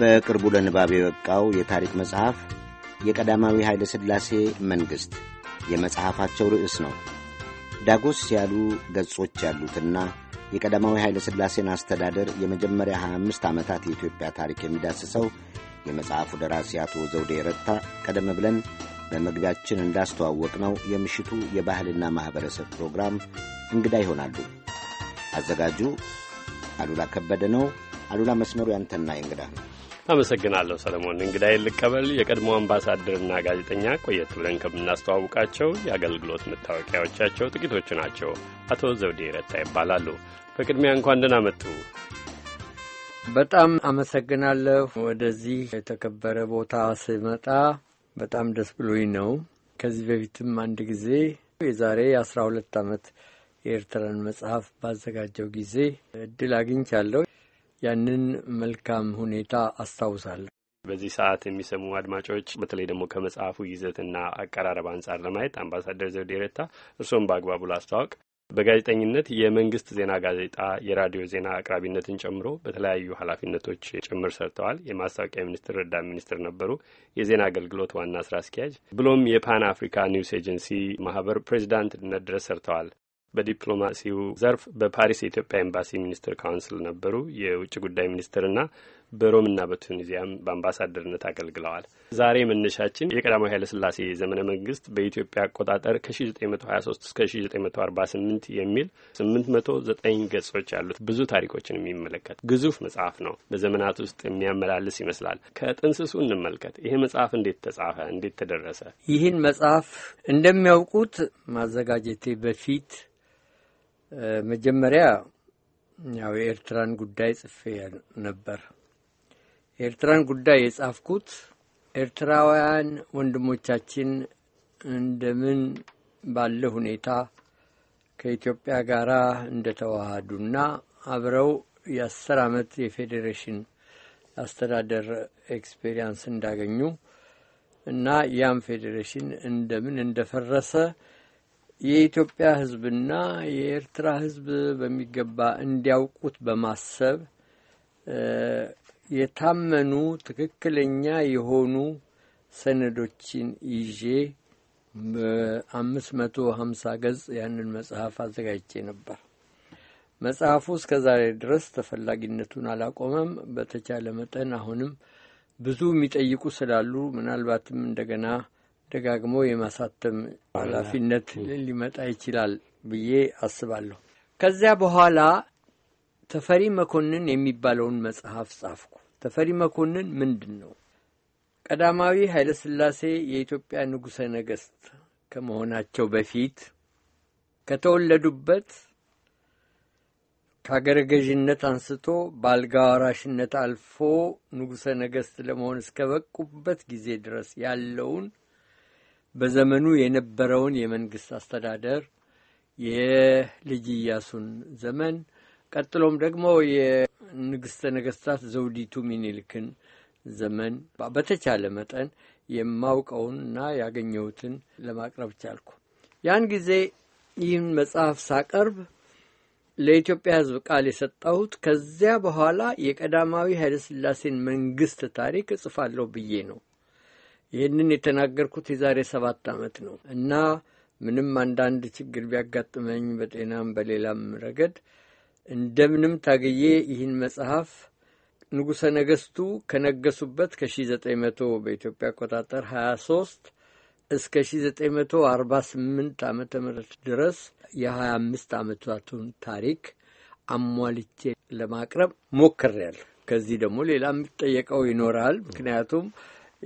በቅርቡ ለንባብ የበቃው የታሪክ መጽሐፍ የቀዳማዊ ኃይለ ሥላሴ መንግሥት የመጽሐፋቸው ርዕስ ነው። ዳጎስ ያሉ ገጾች ያሉትና የቀዳማዊ ኃይለ ሥላሴን አስተዳደር የመጀመሪያ 25 ዓመታት የኢትዮጵያ ታሪክ የሚዳስሰው የመጽሐፉ ደራሲ አቶ ዘውዴ ረታ ቀደም ብለን በመግቢያችን እንዳስተዋወቅ ነው የምሽቱ የባህልና ማኅበረሰብ ፕሮግራም እንግዳ ይሆናሉ። አዘጋጁ አሉላ ከበደ ነው። አሉላ፣ መስመሩ ያንተና እንግዳ አመሰግናለሁ ሰለሞን። እንግዳ ልቀበል የቀድሞ አምባሳደርና ጋዜጠኛ ቆየት ብለን ከምናስተዋውቃቸው የአገልግሎት መታወቂያዎቻቸው ጥቂቶቹ ናቸው። አቶ ዘውዴ ረታ ይባላሉ። በቅድሚያ እንኳን ደህና መጡ። በጣም አመሰግናለሁ። ወደዚህ የተከበረ ቦታ ስመጣ በጣም ደስ ብሎኝ ነው። ከዚህ በፊትም አንድ ጊዜ የዛሬ አስራ ሁለት ዓመት የኤርትራን መጽሐፍ ባዘጋጀው ጊዜ እድል አግኝቻለሁ። ያንን መልካም ሁኔታ አስታውሳለሁ። በዚህ ሰዓት የሚሰሙ አድማጮች በተለይ ደግሞ ከመጽሐፉ ይዘትና አቀራረብ አንጻር ለማየት አምባሳደር ዘውዴ ረታ እርስዎም በአግባቡ ላስተዋወቅ በጋዜጠኝነት የመንግስት ዜና ጋዜጣ የራዲዮ ዜና አቅራቢነትን ጨምሮ በተለያዩ ኃላፊነቶች ጭምር ሰርተዋል። የማስታወቂያ ሚኒስትር ረዳት ሚኒስትር ነበሩ። የዜና አገልግሎት ዋና ስራ አስኪያጅ ብሎም የፓን አፍሪካ ኒውስ ኤጀንሲ ማህበር ፕሬዚዳንትነት ድረስ ሰርተዋል። በዲፕሎማሲው ዘርፍ በፓሪስ የኢትዮጵያ ኤምባሲ ሚኒስትር ካውንስል ነበሩ። የውጭ ጉዳይ ሚኒስትርና በሮምና በቱኒዚያም በአምባሳደርነት አገልግለዋል። ዛሬ መነሻችን የቀዳማዊ ኃይለስላሴ ዘመነ መንግስት በኢትዮጵያ አቆጣጠር ከ1923 እስከ 1948 የሚል 809 ገጾች ያሉት ብዙ ታሪኮችን የሚመለከት ግዙፍ መጽሐፍ ነው። በዘመናት ውስጥ የሚያመላልስ ይመስላል። ከጥንስሱ እንመልከት። ይሄ መጽሐፍ እንዴት ተጻፈ? እንዴት ተደረሰ? ይህን መጽሐፍ እንደሚያውቁት ማዘጋጀቴ በፊት መጀመሪያ ያው የኤርትራን ጉዳይ ጽፌ ነበር። ኤርትራን ጉዳይ የጻፍኩት ኤርትራውያን ወንድሞቻችን እንደምን ባለ ሁኔታ ከኢትዮጵያ ጋር እንደተዋሃዱና አብረው የአስር ዓመት የፌዴሬሽን አስተዳደር ኤክስፔሪንስ እንዳገኙ እና ያም ፌዴሬሽን እንደምን እንደፈረሰ የኢትዮጵያ ሕዝብና የኤርትራ ሕዝብ በሚገባ እንዲያውቁት በማሰብ የታመኑ ትክክለኛ የሆኑ ሰነዶችን ይዤ በአምስት መቶ ሀምሳ ገጽ ያንን መጽሐፍ አዘጋጅቼ ነበር። መጽሐፉ እስከ ዛሬ ድረስ ተፈላጊነቱን አላቆመም። በተቻለ መጠን አሁንም ብዙ የሚጠይቁ ስላሉ ምናልባትም እንደገና ደጋግሞ የማሳተም ኃላፊነት ሊመጣ ይችላል ብዬ አስባለሁ። ከዚያ በኋላ ተፈሪ መኮንን የሚባለውን መጽሐፍ ጻፍኩ። ተፈሪ መኮንን ምንድን ነው? ቀዳማዊ ኃይለ ሥላሴ የኢትዮጵያ ንጉሠ ነገሥት ከመሆናቸው በፊት ከተወለዱበት ከአገረ ገዥነት አንስቶ በአልጋ ወራሽነት አልፎ ንጉሠ ነገሥት ለመሆን እስከበቁበት ጊዜ ድረስ ያለውን በዘመኑ የነበረውን የመንግሥት አስተዳደር የልጅ ኢያሱን ዘመን ቀጥሎም ደግሞ የንግሥተ ነገሥታት ዘውዲቱ ሚኒልክን ዘመን በተቻለ መጠን የማውቀውንና ያገኘሁትን ለማቅረብ ቻልኩ። ያን ጊዜ ይህን መጽሐፍ ሳቀርብ ለኢትዮጵያ ሕዝብ ቃል የሰጠሁት ከዚያ በኋላ የቀዳማዊ ኃይለሥላሴን መንግሥት ታሪክ እጽፋለሁ ብዬ ነው። ይህንን የተናገርኩት የዛሬ ሰባት ዓመት ነው እና ምንም አንዳንድ ችግር ቢያጋጥመኝ በጤናም በሌላም ረገድ እንደምንም ታግዬ ይህን መጽሐፍ ንጉሠ ነገሥቱ ከነገሱበት ከ1900 በኢትዮጵያ አቆጣጠር 23 እስከ 1948 ዓ ም ድረስ የ25 ዓመታቱን ታሪክ አሟልቼ ለማቅረብ ሞክሬያለሁ። ከዚህ ደግሞ ሌላ የሚጠየቀው ይኖራል። ምክንያቱም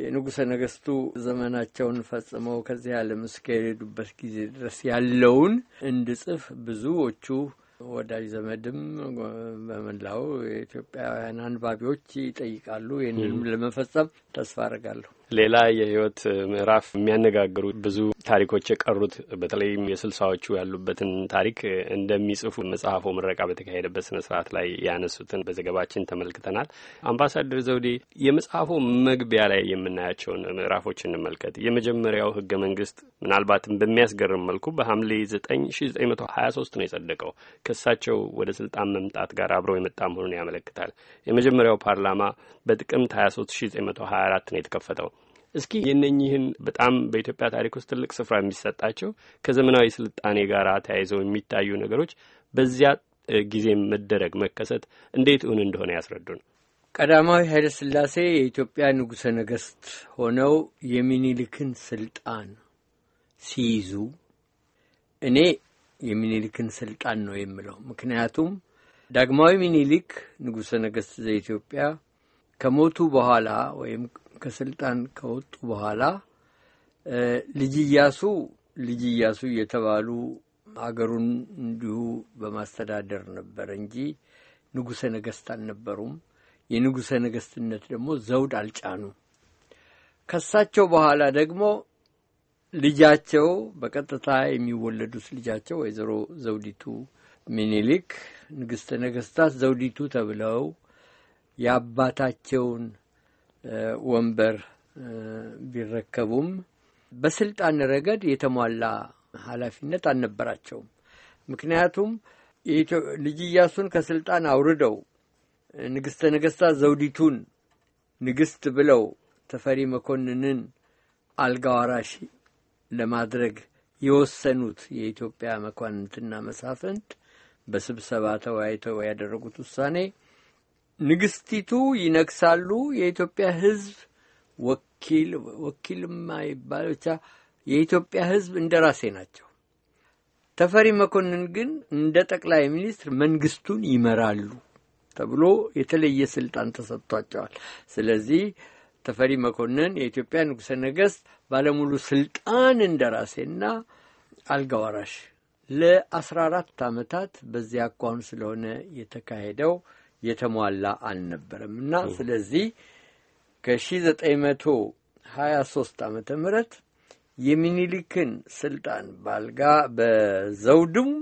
የንጉሠ ነገሥቱ ዘመናቸውን ፈጽመው ከዚህ ዓለም እስከሄዱበት ጊዜ ድረስ ያለውን እንድጽፍ ብዙዎቹ ወዳጅ ዘመድም በመላው የኢትዮጵያውያን አንባቢዎች ይጠይቃሉ። ይህንንም ለመፈጸም ተስፋ አድርጋለሁ። ሌላ የህይወት ምዕራፍ የሚያነጋግሩ ብዙ ታሪኮች የቀሩት በተለይም የስልሳዎቹ ያሉበትን ታሪክ እንደሚጽፉ መጽሐፎ ምረቃ በተካሄደበት ስነ ስርዓት ላይ ያነሱትን በዘገባችን ተመልክተናል። አምባሳደር ዘውዴ የመጽሐፉ መግቢያ ላይ የምናያቸውን ምዕራፎች እንመልከት። የመጀመሪያው ህገ መንግስት ምናልባትም በሚያስገርም መልኩ በሐምሌ ዘጠኝ ሺ ዘጠኝ መቶ ሀያ ሶስት ነው የጸደቀው ከእሳቸው ወደ ስልጣን መምጣት ጋር አብረው የመጣ መሆኑን ያመለክታል። የመጀመሪያው ፓርላማ በጥቅምት ሀያ ሶስት ሺ ዘጠኝ መቶ ሀያ አራት ነው የተከፈተው። እስኪ የነኚህን በጣም በኢትዮጵያ ታሪክ ውስጥ ትልቅ ስፍራ የሚሰጣቸው ከዘመናዊ ስልጣኔ ጋር ተያይዘው የሚታዩ ነገሮች በዚያ ጊዜ መደረግ መከሰት እንዴት እውን እንደሆነ ያስረዱን። ቀዳማዊ ኃይለ ሥላሴ የኢትዮጵያ ንጉሠ ነገሥት ሆነው የሚኒልክን ስልጣን ሲይዙ እኔ የሚኒሊክን ስልጣን ነው የምለው። ምክንያቱም ዳግማዊ ሚኒሊክ ንጉሠ ነገሥት ዘኢትዮጵያ ከሞቱ በኋላ ወይም ከስልጣን ከወጡ በኋላ ልጅ እያሱ ልጅ እያሱ የተባሉ አገሩን እንዲሁ በማስተዳደር ነበር እንጂ ንጉሠ ነገሥት አልነበሩም። የንጉሠ ነገሥትነት ደግሞ ዘውድ አልጫኑ። ከሳቸው በኋላ ደግሞ ልጃቸው በቀጥታ የሚወለዱት ልጃቸው ወይዘሮ ዘውዲቱ ሚኒሊክ ንግሥተ ነገሥታት ዘውዲቱ ተብለው የአባታቸውን ወንበር ቢረከቡም በስልጣን ረገድ የተሟላ ኃላፊነት አልነበራቸውም። ምክንያቱም ልጅ ኢያሱን ከስልጣን አውርደው ንግሥተ ነገሥታት ዘውዲቱን ንግሥት ብለው ተፈሪ መኮንንን አልጋ ወራሽ ለማድረግ የወሰኑት የኢትዮጵያ መኳንንትና መሳፍንት በስብሰባ ተወያይተው ያደረጉት ውሳኔ ንግስቲቱ ይነግሳሉ። የኢትዮጵያ ህዝብ ወኪል ወኪልማ ይባል ብቻ የኢትዮጵያ ህዝብ እንደ ራሴ ናቸው። ተፈሪ መኮንን ግን እንደ ጠቅላይ ሚኒስትር መንግስቱን ይመራሉ ተብሎ የተለየ ስልጣን ተሰጥቷቸዋል። ስለዚህ ተፈሪ መኮንን የኢትዮጵያ ንጉሠ ነገሥት ባለሙሉ ስልጣን እንደ ራሴና አልጋ ወራሽ ለአስራ አራት ዓመታት በዚያ አኳኑ ስለሆነ የተካሄደው የተሟላ አልነበረም እና ስለዚህ ከ1923 ዓ ምህረት የሚኒሊክን ስልጣን ባልጋ በዘውድም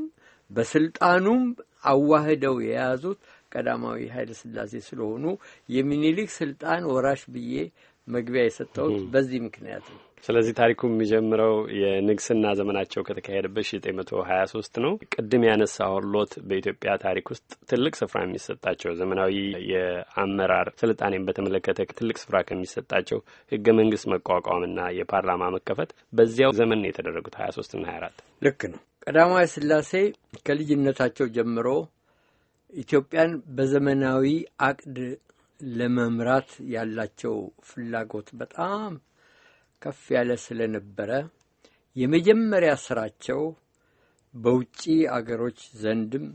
በስልጣኑም አዋህደው የያዙት ቀዳማዊ ኃይለ ስላሴ ስለሆኑ የሚኒሊክ ስልጣን ወራሽ ብዬ መግቢያ የሰጠሁት በዚህ ምክንያት ነው። ስለዚህ ታሪኩ የሚጀምረው የንግስና ዘመናቸው ከተካሄደበት ሺ ዘጠኝ መቶ ሀያ ሶስት ነው። ቅድም ሎት በኢትዮጵያ ታሪክ ውስጥ ትልቅ ስፍራ የሚሰጣቸው ዘመናዊ የአመራር ስልጣኔን በተመለከተ ትልቅ ስፍራ ከሚሰጣቸው ህገ መንግስት መቋቋምና የፓርላማ መከፈት በዚያው ዘመን ነው የተደረጉት ሀያ ና ሀያ አራት ልክ ነው። ቀዳማዊ ስላሴ ከልጅነታቸው ጀምሮ ኢትዮጵያን በዘመናዊ አቅድ ለመምራት ያላቸው ፍላጎት በጣም ከፍ ያለ ስለነበረ የመጀመሪያ ስራቸው በውጪ አገሮች ዘንድም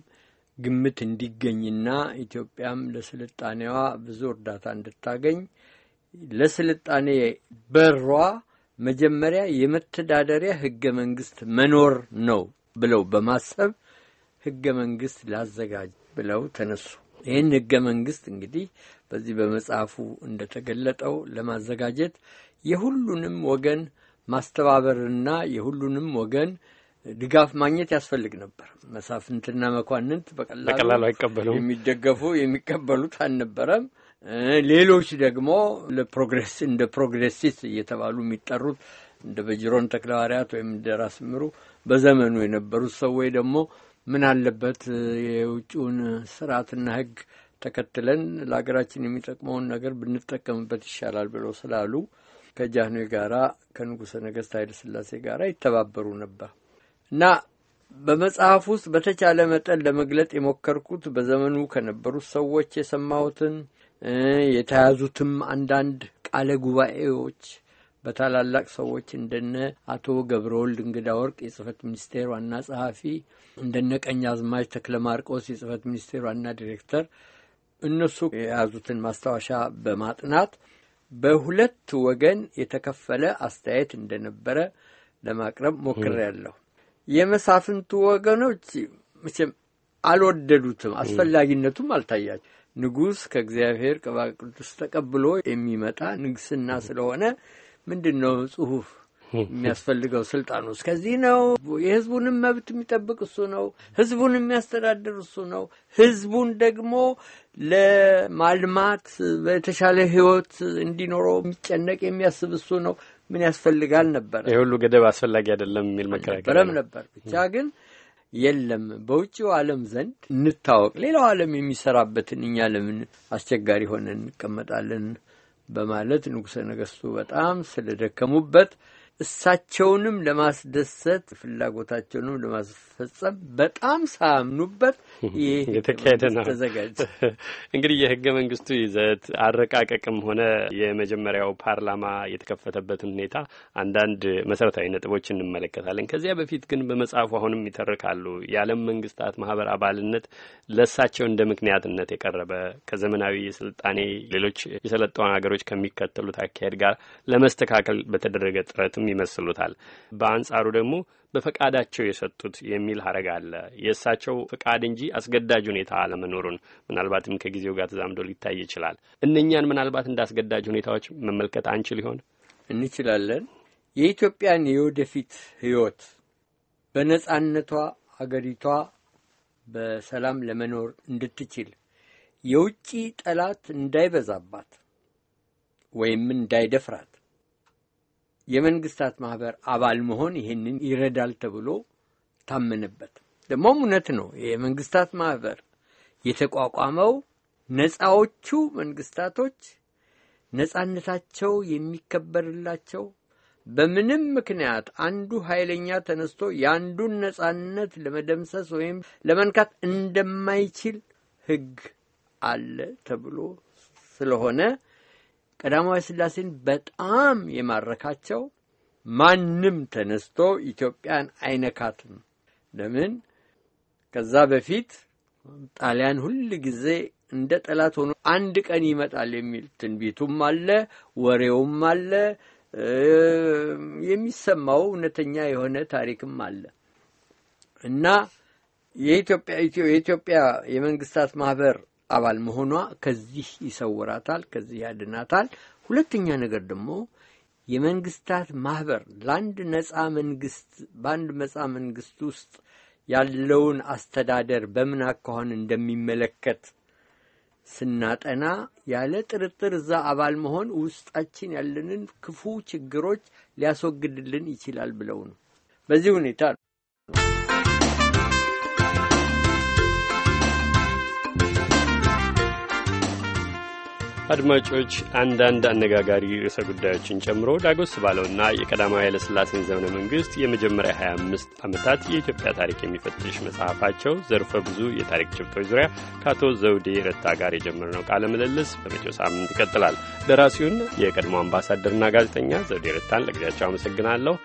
ግምት እንዲገኝና ኢትዮጵያም ለስልጣኔዋ ብዙ እርዳታ እንድታገኝ ለስልጣኔ በሯ መጀመሪያ የመተዳደሪያ ህገ መንግስት መኖር ነው ብለው በማሰብ ህገ መንግስት ላዘጋጅ ብለው ተነሱ። ይህን ህገ መንግስት እንግዲህ በዚህ በመጽሐፉ እንደተገለጠው ለማዘጋጀት የሁሉንም ወገን ማስተባበርና የሁሉንም ወገን ድጋፍ ማግኘት ያስፈልግ ነበር። መሳፍንትና መኳንንት በቀላሉ አይቀበሉ የሚደገፉ የሚቀበሉት አልነበረም። ሌሎች ደግሞ ለፕሮግሬስ እንደ ፕሮግሬሲስት እየተባሉ የሚጠሩት እንደ በጅሮን ተክለሐዋርያት ወይም እንደ ራስ ምሩ በዘመኑ የነበሩት ሰዎች ደግሞ ምን አለበት የውጭውን ስርዓትና ሕግ ተከትለን ለሀገራችን የሚጠቅመውን ነገር ብንጠቀምበት ይሻላል ብለው ስላሉ ከጃንሆይ ጋራ ከንጉሠ ነገሥት ኃይለ ሥላሴ ጋራ ይተባበሩ ነበር እና በመጽሐፍ ውስጥ በተቻለ መጠን ለመግለጥ የሞከርኩት በዘመኑ ከነበሩት ሰዎች የሰማሁትን የተያዙትም አንዳንድ ቃለ ጉባኤዎች በታላላቅ ሰዎች እንደነ አቶ ገብረወልድ እንግዳ ወርቅ የጽህፈት ሚኒስቴር ዋና ጸሐፊ፣ እንደነ ቀኛዝማች ተክለ ማርቆስ የጽህፈት ሚኒስቴር ዋና ዲሬክተር እነሱ የያዙትን ማስታወሻ በማጥናት በሁለት ወገን የተከፈለ አስተያየት እንደነበረ ለማቅረብ ሞክሬያለሁ። የመሳፍንቱ ወገኖች መቼም አልወደዱትም፣ አስፈላጊነቱም አልታያቸው። ንጉሥ ከእግዚአብሔር ቅባ ቅዱስ ተቀብሎ የሚመጣ ንግስና ስለሆነ ምንድን ነው ጽሑፍ የሚያስፈልገው ስልጣኑ እስከዚህ ነው። የህዝቡንም መብት የሚጠብቅ እሱ ነው። ህዝቡን የሚያስተዳድር እሱ ነው። ህዝቡን ደግሞ ለማልማት በተሻለ ህይወት እንዲኖረው የሚጨነቅ የሚያስብ እሱ ነው። ምን ያስፈልጋል ነበር ይህ ሁሉ ገደብ አስፈላጊ አይደለም የሚል መከራከሪያ ነበር። ብቻ ግን የለም በውጭው ዓለም ዘንድ እንታወቅ፣ ሌላው ዓለም የሚሰራበትን እኛ ለምን አስቸጋሪ ሆነን እንቀመጣለን በማለት ንጉሠ ነገሥቱ በጣም ስለደከሙበት እሳቸውንም ለማስደሰት ፍላጎታቸውንም ለማስፈጸም በጣም ሳያምኑበት የተካሄደ ነው። ተዘጋጅ እንግዲህ የህገ መንግስቱ ይዘት አረቃቀቅም ሆነ የመጀመሪያው ፓርላማ የተከፈተበትን ሁኔታ አንዳንድ መሰረታዊ ነጥቦች እንመለከታለን። ከዚያ በፊት ግን በመጽሐፉ አሁንም ይተርካሉ። የዓለም መንግስታት ማህበር አባልነት ለእሳቸው እንደ ምክንያትነት የቀረበ ከዘመናዊ የስልጣኔ ሌሎች የሰለጠኑ ሀገሮች ከሚከተሉት አካሄድ ጋር ለመስተካከል በተደረገ ጥረት እነሱም ይመስሉታል። በአንጻሩ ደግሞ በፈቃዳቸው የሰጡት የሚል ሀረግ አለ። የእሳቸው ፈቃድ እንጂ አስገዳጅ ሁኔታ አለመኖሩን ምናልባትም ከጊዜው ጋር ተዛምዶ ሊታይ ይችላል። እነኛን ምናልባት እንደ አስገዳጅ ሁኔታዎች መመልከት አንችል ይሆን? እንችላለን። የኢትዮጵያን የወደፊት ህይወት በነጻነቷ አገሪቷ በሰላም ለመኖር እንድትችል የውጭ ጠላት እንዳይበዛባት ወይም እንዳይደፍራት የመንግስታት ማህበር አባል መሆን ይህንን ይረዳል ተብሎ ታመነበት። ደግሞም እውነት ነው። የመንግስታት ማህበር የተቋቋመው ነፃዎቹ መንግስታቶች ነፃነታቸው የሚከበርላቸው በምንም ምክንያት አንዱ ኃይለኛ ተነስቶ የአንዱን ነፃነት ለመደምሰስ ወይም ለመንካት እንደማይችል ሕግ አለ ተብሎ ስለሆነ ቀዳማዊ ስላሴን በጣም የማረካቸው ማንም ተነስቶ ኢትዮጵያን አይነካትም። ለምን? ከዛ በፊት ጣሊያን ሁል ጊዜ እንደ ጠላት ሆኖ አንድ ቀን ይመጣል የሚል ትንቢቱም አለ፣ ወሬውም አለ፣ የሚሰማው እውነተኛ የሆነ ታሪክም አለ እና የኢትዮጵያ የመንግስታት ማህበር አባል መሆኗ ከዚህ ይሰውራታል፣ ከዚህ ያድናታል። ሁለተኛ ነገር ደግሞ የመንግስታት ማህበር ለአንድ ነጻ መንግስት በአንድ ነጻ መንግስት ውስጥ ያለውን አስተዳደር በምን አካሆን እንደሚመለከት ስናጠና ያለ ጥርጥር እዛ አባል መሆን ውስጣችን ያለንን ክፉ ችግሮች ሊያስወግድልን ይችላል ብለው ነው። በዚህ ሁኔታ አድማጮች አንዳንድ አነጋጋሪ ርዕሰ ጉዳዮችን ጨምሮ ዳጎስ ባለውና የቀዳማዊ ኃይለሥላሴን ዘመነ መንግሥት የመጀመሪያ 25 ዓመታት የኢትዮጵያ ታሪክ የሚፈትሽ መጽሐፋቸው ዘርፈ ብዙ የታሪክ ጭብጦች ዙሪያ ከአቶ ዘውዴ ረታ ጋር የጀመርነው ቃለ ምልልስ በመጪው ሳምንት ይቀጥላል። ደራሲውን የቀድሞ አምባሳደርና ጋዜጠኛ ዘውዴ ረታን ለጊዜያቸው አመሰግናለሁ።